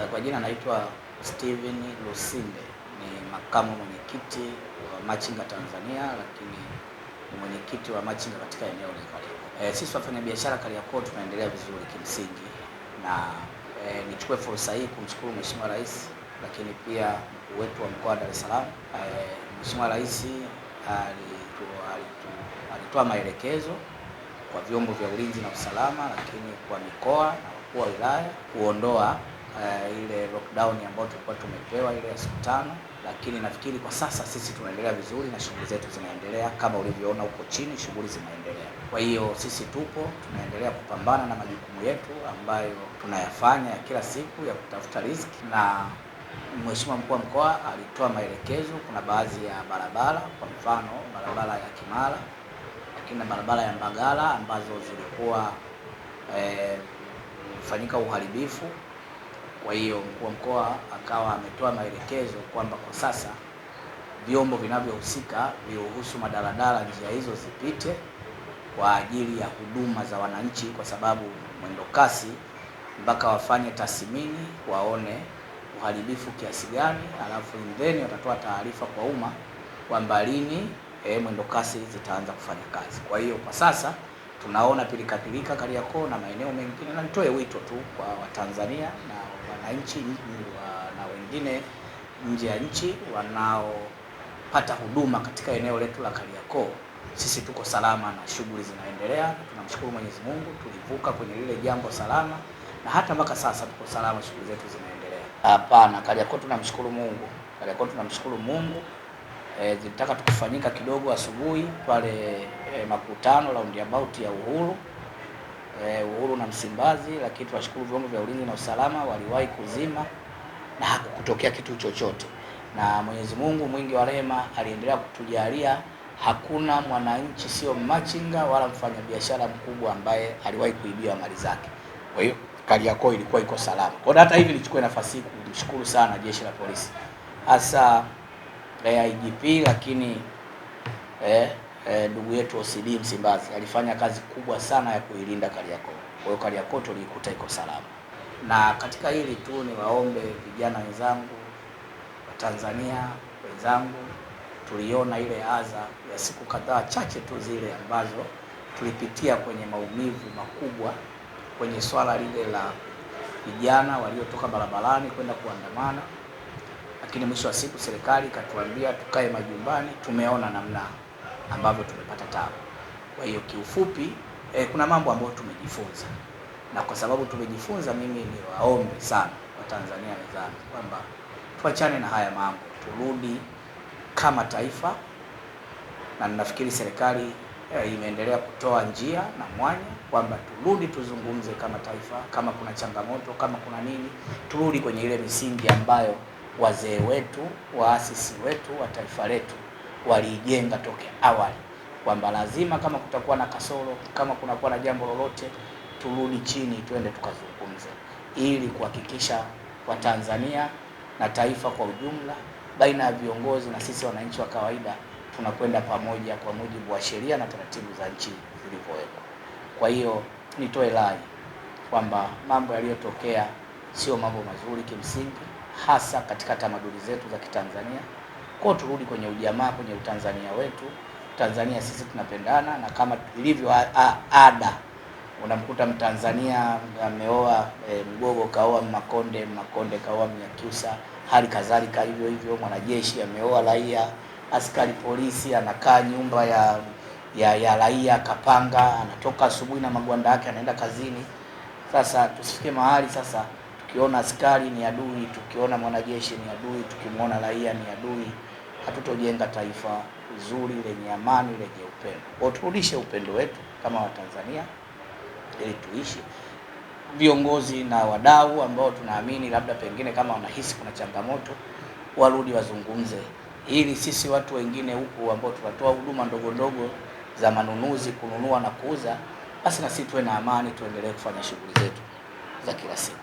Eh, kwa jina naitwa Steven Lusinde, ni makamu mwenyekiti wa machinga Tanzania, lakini ni mwenyekiti wa machinga katika eneo la Kariakoo. E, sisi wafanyabiashara Kariakoo tunaendelea vizuri kimsingi, na e, nichukue fursa hii kumshukuru Mheshimiwa Rais, lakini pia mkuu wetu wa mkoa wa Dar es Salaam. E, Mheshimiwa Rais alitoa maelekezo kwa vyombo vya ulinzi na usalama, lakini kwa mikoa na wakuu wa wilaya kuondoa uh, ile lockdown ambayo tulikuwa tumepewa ile ya siku tano, lakini nafikiri kwa sasa sisi tunaendelea vizuri na shughuli zetu zinaendelea kama ulivyoona huko chini, shughuli zinaendelea. Kwa hiyo sisi tupo tunaendelea kupambana na majukumu yetu ambayo tunayafanya ya kila siku ya kutafuta riziki na Mheshimiwa mkuu wa mkoa alitoa maelekezo. Kuna baadhi ya barabara, kwa mfano barabara ya Kimara lakini na barabara ya Mbagala ambazo zilikuwa eh, fanyika uharibifu kwa hiyo mkuu wa mkoa akawa ametoa maelekezo kwamba kwa sasa vyombo vinavyohusika viruhusu madaladala njia hizo zipite kwa ajili ya huduma za wananchi, kwa sababu mwendokasi mpaka wafanye tathmini waone uharibifu kiasi gani, alafu ndeni watatoa taarifa kwa umma kwamba lini eh, mwendokasi zitaanza kufanya kazi. Kwa hiyo kwa sasa tunaona pilikapilika Kariakoo na maeneo mengine, na nitoe wito tu kwa Watanzania na wananchi na wengine nje ya nchi wanaopata huduma katika eneo letu la Kariakoo, sisi tuko salama na shughuli zinaendelea. Tunamshukuru Mwenyezi Mungu tulivuka kwenye lile jambo salama, na hata mpaka sasa tuko salama, shughuli zetu zinaendelea. Hapana, Kariakoo tunamshukuru Mungu, Kariakoo tunamshukuru Mungu e, zilitaka tukufanyika kidogo asubuhi pale e, makutano roundabout ya Uhuru e, Uhuru na Msimbazi, lakini tunashukuru vyombo vya ulinzi na usalama waliwahi kuzima na hakukutokea kitu chochote, na Mwenyezi Mungu mwingi wa rehema aliendelea kutujalia hakuna mwananchi, sio machinga wala mfanyabiashara mkubwa ambaye aliwahi kuibiwa mali zake. Kwa hiyo Kariakoo ilikuwa iko salama. Kwa hata hivi nichukue nafasi hii kumshukuru sana jeshi la polisi hasa la IGP, lakini ndugu eh, eh, ndugu yetu OCD Msimbazi alifanya kazi kubwa sana ya kuilinda Kariakoo. Kwa hiyo Kariakoo tulikuta iko salama, na katika hili tu niwaombe vijana wenzangu Watanzania wenzangu, tuliona ile adha ya siku kadhaa chache tu zile ambazo tulipitia kwenye maumivu makubwa kwenye swala lile la vijana waliotoka barabarani kwenda kuandamana. Lakini mwisho wa siku serikali ikatuambia tukae majumbani, tumeona namna ambavyo tumepata tabu. Kwa hiyo kiufupi, eh, kuna mambo ambayo tumejifunza, na kwa sababu tumejifunza, mimi ni waombe sana Watanzania wenzangu kwamba tuachane na haya mambo, turudi kama taifa, na nafikiri serikali eh, imeendelea kutoa njia na mwanya kwamba turudi tuzungumze kama taifa, kama kuna changamoto, kama kuna nini, turudi kwenye ile misingi ambayo wazee wetu, waasisi wetu wa taifa letu waliijenga toke awali, kwamba lazima kama kutakuwa na kasoro, kama kunakuwa na jambo lolote, turudi chini, tuende tukazungumze, ili kuhakikisha Watanzania na taifa kwa ujumla, baina ya viongozi na sisi wananchi wa kawaida tunakwenda pamoja kwa mujibu wa sheria na taratibu za nchi zilivyowekwa. Kwa hiyo nitoe rai kwamba mambo yaliyotokea sio mambo mazuri kimsingi hasa katika tamaduni zetu za Kitanzania, kwa turudi kwenye ujamaa, kwenye utanzania wetu. Tanzania sisi tunapendana, na kama ilivyo ada, unamkuta Mtanzania ameoa e, Mgogo kaoa Mmakonde, Mmakonde kaoa Mnyakyusa, hali kadhalika hivyo hivyo, mwanajeshi ameoa raia, askari polisi anakaa nyumba ya ya ya raia kapanga, anatoka asubuhi na magwanda yake anaenda kazini. Sasa tusifike mahali sasa tukiona askari ni adui, tukiona mwanajeshi ni adui, tukimwona raia ni adui, hatutojenga taifa zuri lenye amani lenye upendo. Kwa turudishe upendo wetu kama Watanzania ili tuishi. Viongozi na wadau ambao tunaamini labda pengine kama wanahisi kuna changamoto warudi wazungumze, ili sisi watu wengine huku ambao tunatoa huduma ndogo ndogo za manunuzi, kununua na kuuza, basi na sisi tuwe na amani, tuendelee kufanya shughuli zetu za kila siku.